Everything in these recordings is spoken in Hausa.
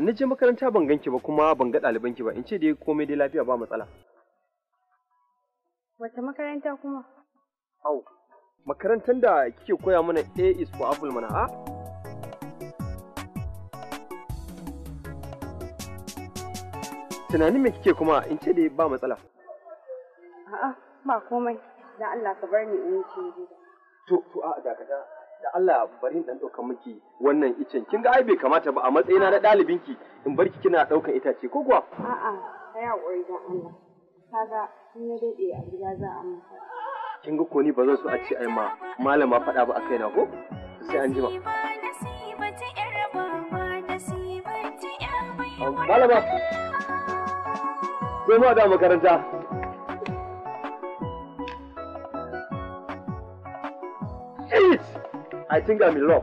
Ni je makaranta ban ganki ba kuma ban ga ɗaliban ki ba in ce dai komai dai lafiya ba matsala. Wata makaranta kuma? Au, makarantar da kike koya mana A is for apple mana a? Tunanin me kike kuma in ce dai ba matsala. A'a, ba komai. Dan Allah ka bar ni in ce To, to a dakata. da Allah bari in dan dauka miki wannan icen kin ga ai bai kamata ba a matsayina na ɗalibin ki in barki kina daukan itace ko kuwa a'a kai hakuri da Allah kaga in ya dade a gida za a mutu. kin ga ko ni ba zan so a ce ai ma malama faɗa ba a kaina ko sai an ba malama ko ma da makaranta I think I'm in love.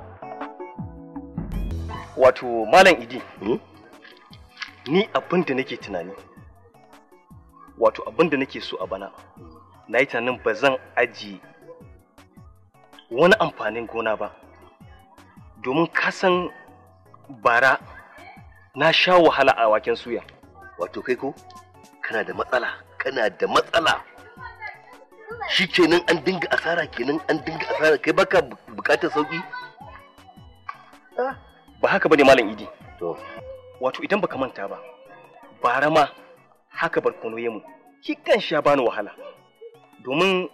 Wato Malam Idi. Hmm? Ni abin da nake tunani. Wato abin da nake so a bana. Na yi tunanin ba zan ajiye wani amfanin gona ba. Domin kasan bara na sha wahala a waken suya. Wato kai ko? Kana da matsala, kana da matsala. shi kenan an dinga asara kenan an dinga asara kai baka bukatar sauki ah. ba haka bane malam idi to wato idan baka manta ba bara ma haka barkono ya mu shi kan sha bani wahala domin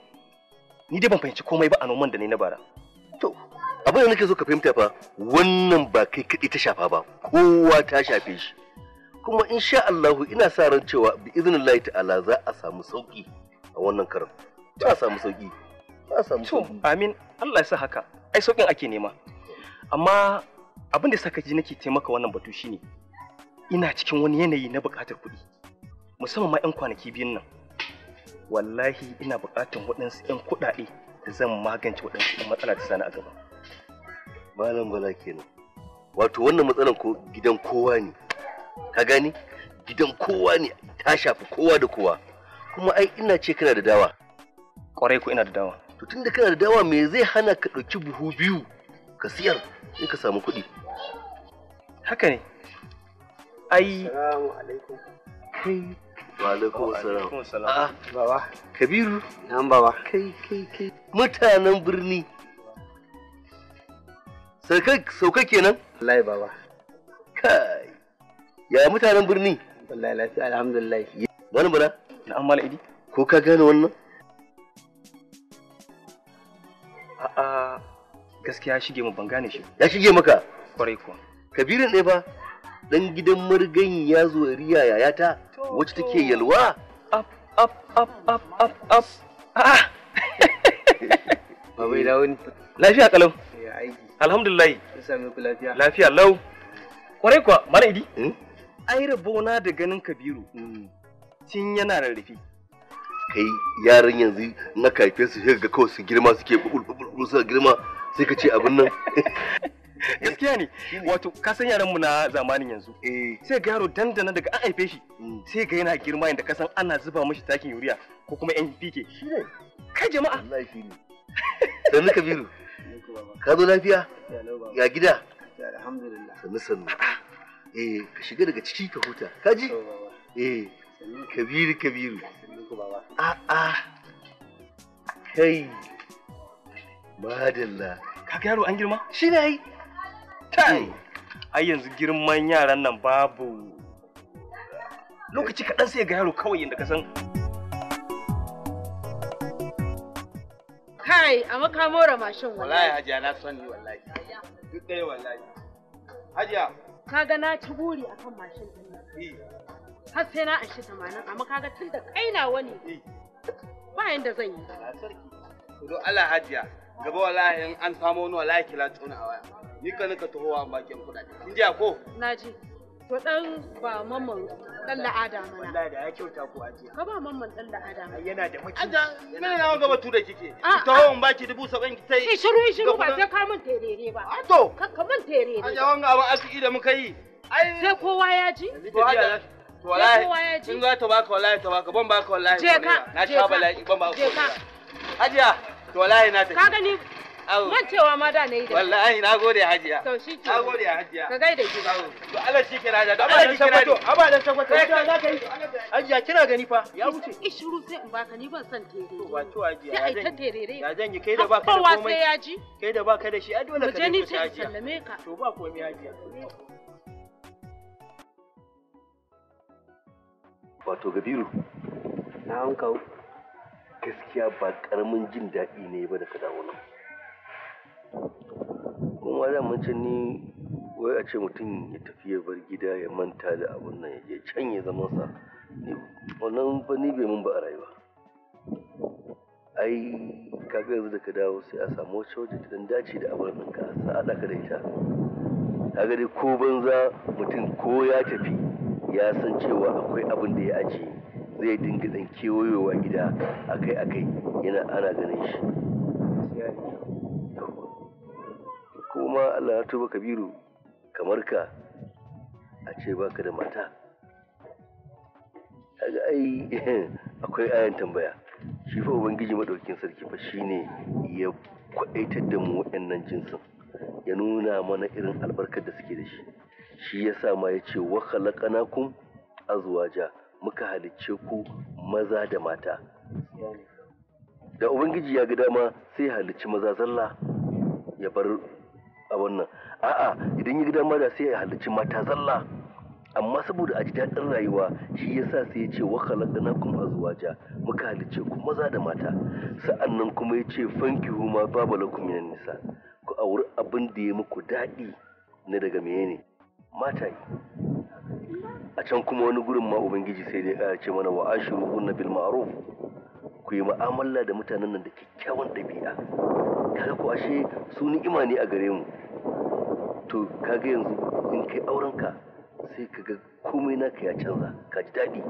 ni dai ban fahimci komai ba a noman da ni na bara to abin da nake so ka fahimta fa wannan ba kai kaɗai ta shafa ba kowa ta shafe shi kuma insha Allah ina sa ran cewa bi iznillahi ta'ala za a samu sauki a wannan karin ta samu sauki ta samu sauki amin Allah ya sa haka ai saukin ake nema amma abin da saka ji nake taimaka wannan batu shine ina cikin wani yanayi na buƙatar kuɗi musamman ma 'yan kwanaki biyun nan wallahi ina buƙatar waɗansu 'yan kuɗaɗe da zan magance waɗansu 'yan matsala ta sani a gaba malam bala kenan wato wannan matsalan ko gidan kowa ne ka gani gidan kowa ne ta shafi kowa da kowa kuma ai ina ce kana da dawa Kwarai ko ina da dawa. To tunda kana da dawa me zai hana ka ɗauki buhu biyu ka siyar in ka samu kuɗi. Haka ne. Ai. Assalamu alaikum. Kai. Wa alaikum salam. Ah, Baba. Kabiru. Na'am baba. Kai kai kai. Mutanen birni. Sauka kenan? Wallahi baba. Kai. Ya mutanen birni? Wallahi lafiya alhamdulillah. Wani bura? Na'am mala'idi. Ko ka gane wannan? A'a gaskiya shige mu ban gane shi. Ya shige maka? Kwarai kuwa. Kabirin ɗaya ba dan gidan margan ya zo riya yayata wacce take yalwa. ap ap ap ap ap ap Ah. Babai dawo ni. Lafiya kalau. Ya Alhamdulillah. ku lafiya. Lafiya lau. Kwarai kuwa mana idi. Hmm? Ai rabona da ganin Kabiru. Hmm. Tin yana rarrafe. kai yaran yanzu na kaife su ga kawai su girma suke bubul su girma sai ka ce abin nan gaskiya ne wato ka san yaran mu na zamanin yanzu eh. sai ga yaro dandana daga an haife shi mm. sai ga yana girma yanda ka san ana zuba mashi takin yuriya ko kuma NPK kai jama'a sannu kabiru ka zo lafiya ya gida sannu sannu eh ka shiga daga ciki ka huta ka ji. eh kabiru kabiru Alaikum baba. A'a. Kai. Madalla. Kaga yaro an girma? Shi ne ai. Tai. Hmm. Ai yanzu girman yaran nan babu. Lokaci kaɗan sai ga yaro kawai yadda ka san. Kai, a maka mora mashin wallahi. Wallahi hajiya na son ni wallahi. Duk ɗaya wallahi. Hajiya. Ka ga na ci buri akan mashin ɗin nan. Eh. har sai na anshi tamanin amma kaga tun da kainawa ne eh. ba yanda zan yi don Allah hajiya gaba wallahi in an samu wani wallahi kila tsona waya ni ka nika tohowa bakin kudade kin ji ko naji to dan ba mamman dan la'ada mana wallahi da ya kyauta ka ba mamman dan la'ada mana yana da maki aja mene nawa gaba tu da kike tohowa baki dubu ki shiru shiru ba sai ka mun terere ba to ka ka mun terere aja wanga asiki da muka yi ai sai kowa ya ji to aja wallahi in za ta baka wallahi ta baka ban baka wallahi je ka na ban baka je ka hajiya to wallahi na ta ka gani man cewa ma da nayi da wallahi na gode hajiya to shike na gode hajiya ka gaida ki to Allah shi kira da Allah shi kira to aba da sakwato to za ka yi hajiya kina gani fa ya wuce ishuru sai in baka ni ban san tere to wato hajiya ya zan ya zan yi kai da baka da komai kai da baka da shi ai dole ka je ni sallame ka to ba komai hajiya wato Gabiru na hanka gaskiya ba karamin jin daɗi ne ba da ka dawo nan kuma da mun ni wai a ce mutum ya tafi ya bar gida ya manta da abun nan ya je can zama sa wannan ba ni bai mun ba a rayuwa ai kaga yanzu da ka dawo sai a samu wacce wacce ta dan dace da abin ɗinka a da ita kaga dai ko banza mutum ko ya tafi ya san cewa akwai abin da ya ajiye zai dinga dan kewayowa gida akai-akai yana ana ganin shi kuma Allah ya tuba kabiru kamar ka a ce baka da mata kaga ai akwai ayan tambaya shi fa ubangiji maɗaukin sarki fa shine ya kwaitar da mu waɗannan jinsin ya nuna mana irin albarkar da suke da shi shi ya sa ma ya ce wa khalaqnakum azwaja muka halicce ku maza da mata da ubangiji ya ga dama sai halicci maza zalla ya bar a wannan a'a idan ya ga dama da sai ya halicci mata zalla amma saboda a ji daɗin rayuwa shi ya sa sai ya ce wa khalaqnakum azwaja muka halicce ku maza da mata sa'annan kuma ya ce fankihu ma babu lakum nisa ku auri abin da ya muku daɗi na daga menene yi. a can kuma wani gurin ma ubangiji sai dai ya eh, ce mana wa ashiru hunna bil ma'ruf ku yi mu'amala da mutanen nan da kyakkyawan ɗabi'a kaga ko ashe su ni imani a gare mu to kaga yanzu in kai aurenka sai kaga komai naka ya canza ka daɗi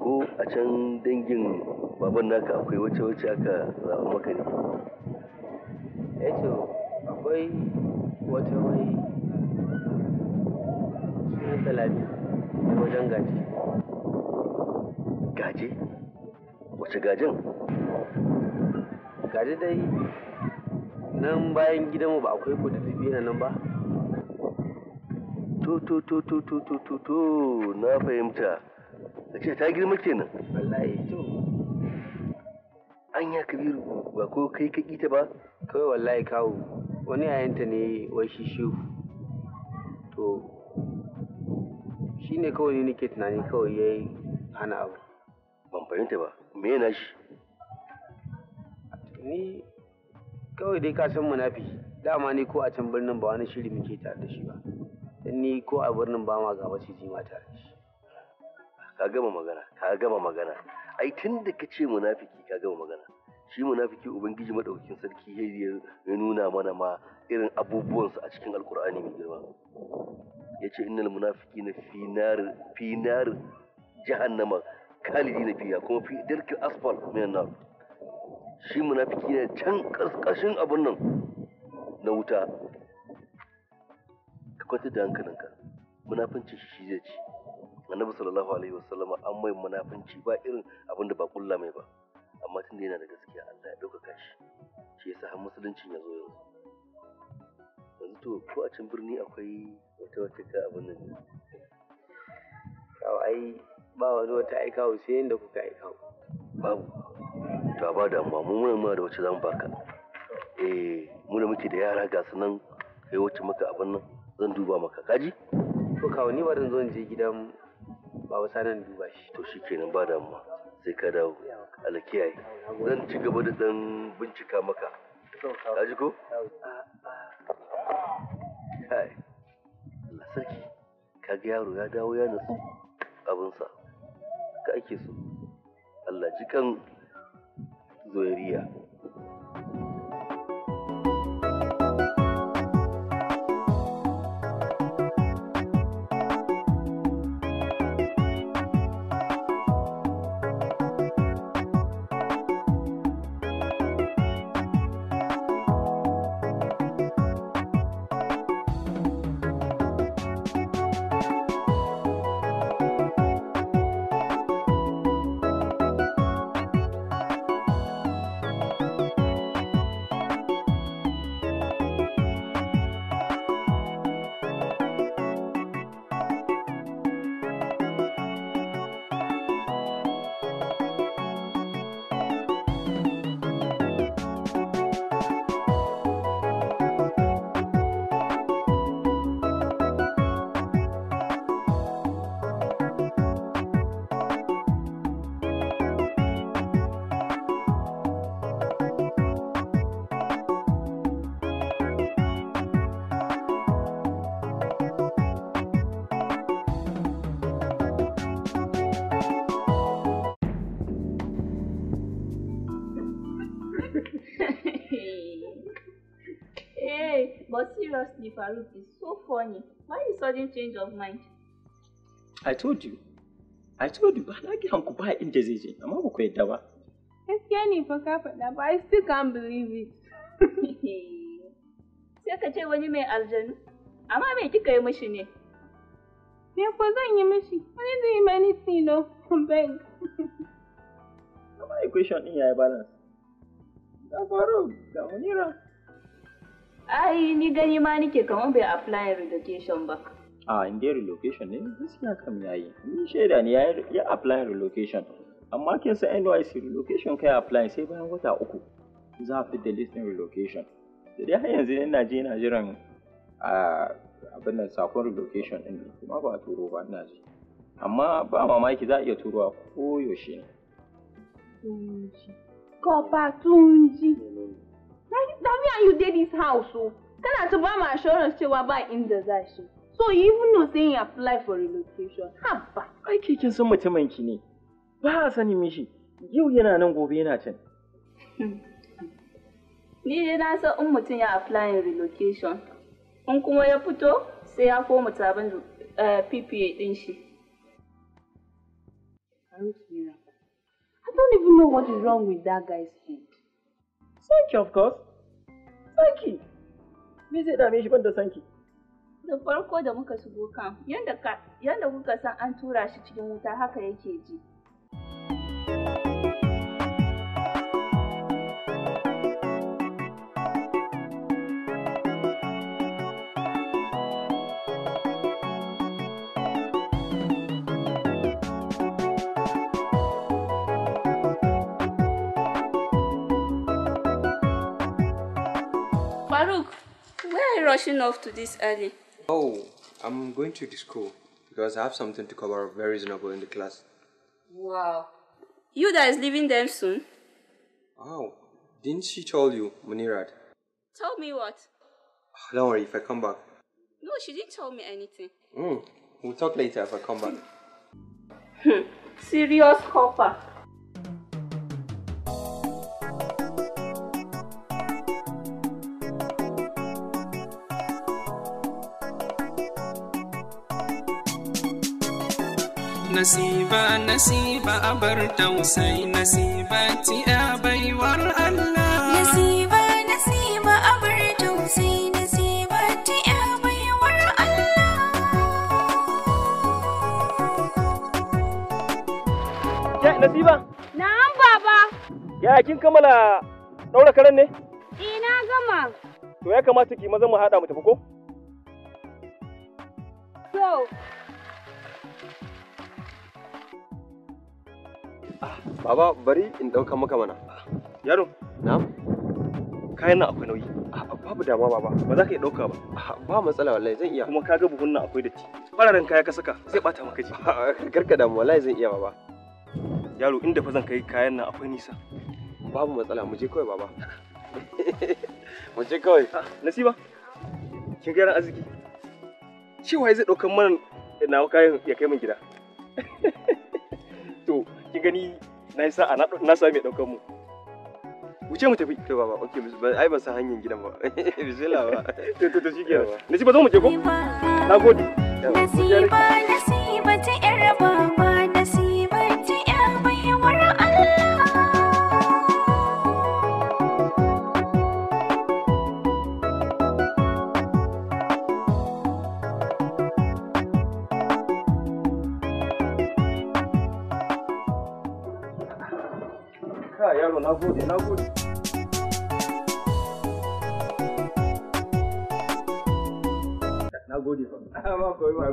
ko a can dangin baban naka akwai wace wace aka zaɓa maka ne eh to akwai wata wai wajen salami da wajen gaji gaje wace gajin Gaji dai nan bayan gidanmu ba akwai kududdufi biyu nan ba to to to to to to to to na fahimta da ce ta girma kenan wallahi to an ya kabiru ba ko kai ka ta ba kawai wallahi kawo wani yayanta ne wai shi to shi ne kawai ne nake tunani kawai ya yi hana abu ban fahimta ba me na shi ni kawai dai ka san munafi dama ni ko a can birnin ba wani shiri muke tare da shi ba ni ko a birnin ba ma ga maciji ma tare da shi ka gama magana ka gama magana ai tun da ka ce munafiki ka gama magana shi munafiki ubangiji madaukakin sarki ya nuna mana ma irin abubuwansa a cikin alkur'ani mai girma Ya yace innal munafiqina fi nar fi nar jahannama khalidina fiha kuma fi darkil asfal min nar shi munafiki ne can karkashin abun nan na wuta ka kwata da hankalinka munafincin shi shi zai ci annabi sallallahu alaihi wasallama an mai munafinci ba irin abin da ba kulla mai ba amma tunda yana da gaskiya Allah ya ɗaukaka shi shi yasa har musuluncin ya zo yanzu to ko a can birni akwai wata wata ka abin nan kawo ai ba wani wata aikawo sai yadda kuka aikawo babu to ba amma, mu muna da wacce zamu baka eh mu muna muke da yara ga su nan kai wacce maka abin nan zan duba maka kaji to kawo ni ba zan zo in je gidan babu sanan duba shi to shikenan ba amma, sai ka dawo alakiyaye zan ci gaba da dan bincika maka kaji ko ka ga yaro ya dawo ya nutsu abinsa ka ake so Allah jikan kan zoyariya the Farouk is so funny. Why the sudden change of mind? I told you. I told you ba na gidan ku ba inda zai je amma ba ku yadda ba. Gaskiya ne fa ka faɗa ba I still can't believe it. Sai ka ce wani mai aljanu. Amma me kika yi mishi ne? Me ko zan yi mishi? Wani zai yi mani tino beg. Amma equation ɗin ya yi balance. Da faru ga munira. ai ni gani ma nike kamar bai apply relocation ba a in dai relocation ne gaskiya kam ya yi, ni shaida ne ya apply relocation amma kin san NYC relocation kai apply sai bayan wata uku za a da listing relocation da dai har yanzu ina je ina jiran abin nan sakon relocation din kuma ba turo ba ina ji amma ba mamaki za a iya turowa ko yaushe ne Kopa tunji. na me and you dey dis house o ghana to buy my assurance cewa ba inda za shi so you even know say you apply for relocation haba ai ke kin san mutumin ki ne ba a sani mishi yau yana nan gobe yana can ni dai na san in mutum ya apply in relocation in kuma ya fito sai ya koma taban PPA din shi I don't even know what is wrong with that guy's head. Sanki of course. Sanki. Me zai dame shi banda sanki? Da farko da muka shigo kan, yanda kuka san an tura shi cikin wuta haka yake ji. rushing off to this early? Oh, I'm going to the school because I have something to cover up very reasonable in the class. Wow. You that is leaving them soon? Oh, didn't she tell you, Munirad? Tell me what? Ah, don't worry, if I come back. No, she didn't tell me anything. Mm, we'll talk later if I come back. Hmm, serious copper. nasiba nasiba abar tausai nasiba ti a baiwar Allah nasiba nasiba abar tausai nasiba ti a baiwar Allah Ke nasiba na'am baba ya kin kammala daura karen ne ina e, gama to ya kamata ki maza mu hada mu tafi ko So. Baba bari in ɗauka maka mana. Yaro. na? Kayan nan akwai nauyi. Babu dama baba, ba za ka iya ɗauka ba. Ba matsala wallahi zan iya. Kuma ka ga buhun nan akwai datti. Fararen kaya ka saka zai bata maka ji. Karka damu wallahi zan iya baba. Yaro inda fa zan kai kayan nan akwai nisa. Babu matsala mu je kawai baba. Mu je kawai. Ah, Nasiba. Kin ga ran arziki. Cewa zai ɗaukan mana nawa kayan ya kai min gida. ki gani na yi sa'a na sami ɗaukar mu wuce mu tafi to baba okay ai ba san hanyar gidan ba bismillah ba to to shi ke ba nasiba zo mu je ko Na nagode nasiba nasiba ta yar baba na gode na gode na gode ba ma koyi ba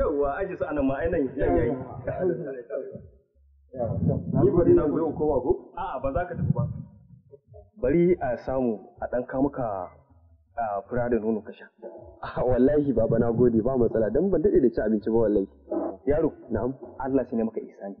yawa aji su anan ma ainihin yan yayi ni bari na gode kowa ko a'a ba za ka tafi ba bari a samu a dan kamuka muka fura da nono ka sha ah, wallahi baba na gode ba matsala don ban daɗe da ci abinci ba wallahi yaro na'am Allah shi ne maka ihsani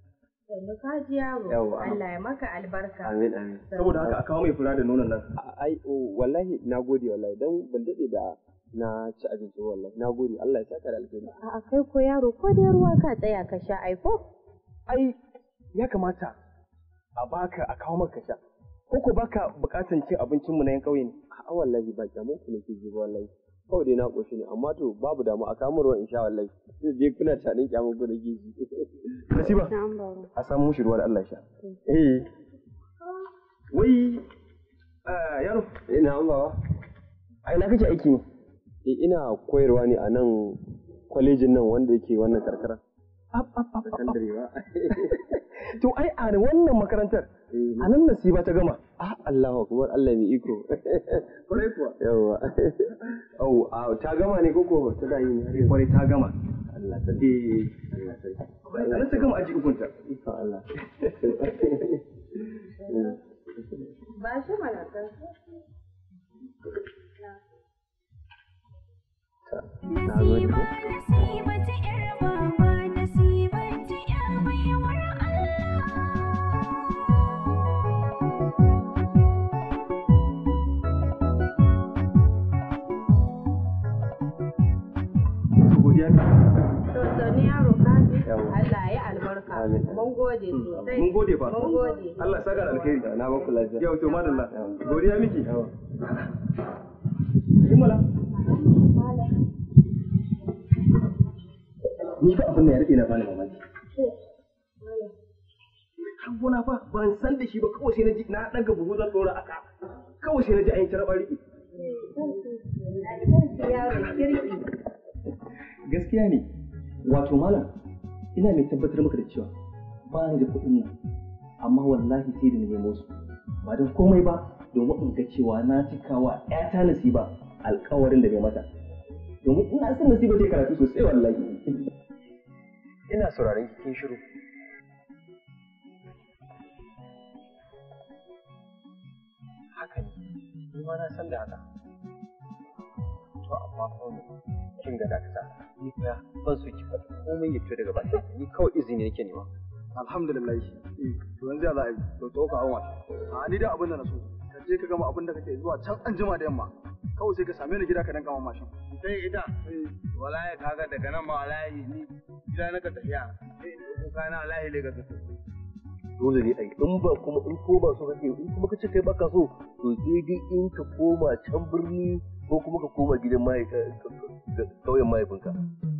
sannu ka ji yaro Allah ya maka albarka amin amin saboda haka a kawo mai fura da nonon nan ai wallahi na nagode wallahi don ban daɗe da na ci abinci wallahi Na gode, Allah ya saka da alheri a kai ko yaro ko dai ruwa ka tsaya ka sha ai ko ai ya kamata a baka a kawo maka sha ko ko baka bukatan cin abincin mu na yan kauye ne a wallahi ba kyamun ku ne ke ji wallahi kawai dai na ƙoshi ne amma to babu damu a kamar ruwan insha Allah zai je kuna tanin kyamun ku gizi nasiba a samu mushi ruwa da Allah sha eh wai yaro eh, ina an bawa ai na kake aiki ne eh ina koyarwa ne a nan kwalejin nan wanda yake wannan karkara to ai a wannan makarantar Eh. a nan nasiba ta gama ah Allahu kuma Allah mai iko kwarai kuwa yawa au ta gama ne koko ta da ne kwarai ta gama Allah ta eh Allah sarki kwarai ta gama aji ukunta insha Allah ba shi malaka na gode gode mm. sosai. Mun gode fa. Mun gode. Allah ya saka da alkhairi. Na ba lafiya. Yau to madalla. Godiya miki. Kimala. Ni fa abin da ya rike na bani mamaki. Har gona fa ban san da shi ba kawai sai na ji na ga buhu zan tsora aka. Kawai sai na ji an yi tarbar riƙe. Gaskiya ne, wato malam, ina mai tabbatar maka da cewa ba ni da kuɗin nan amma wallahi sai da na nemo su ba da komai ba domin in ga cewa na cikawa ƴata nasiba alƙawarin da ne mata domin ina son nasiba ta karatu sosai wallahi ina sauraron kin shiru haka ne ni ma na san da haka to amma ne kin ga ta, ni kuma ban so ki faɗi komai ya fito daga baki ni kawai izini nake nema alhamdulillah eh to yanzu ya za a yi to tsoka an wata a ni da abin da na so ka je ka gama abin da kake zuwa can an jima da yamma kawai sai ka same ni gida ka danka min mashin sai ita eh, wallahi kaga daga nan ma wallahi ni gida na ka tafiya sai eh, ko kana wallahi ne ka tafi dole ne ai in ba kuma in ko ba so kake in kuma kace kai baka so to daidai in ka koma can birni ko kuma ka koma gidan mai kauyen mahaifinka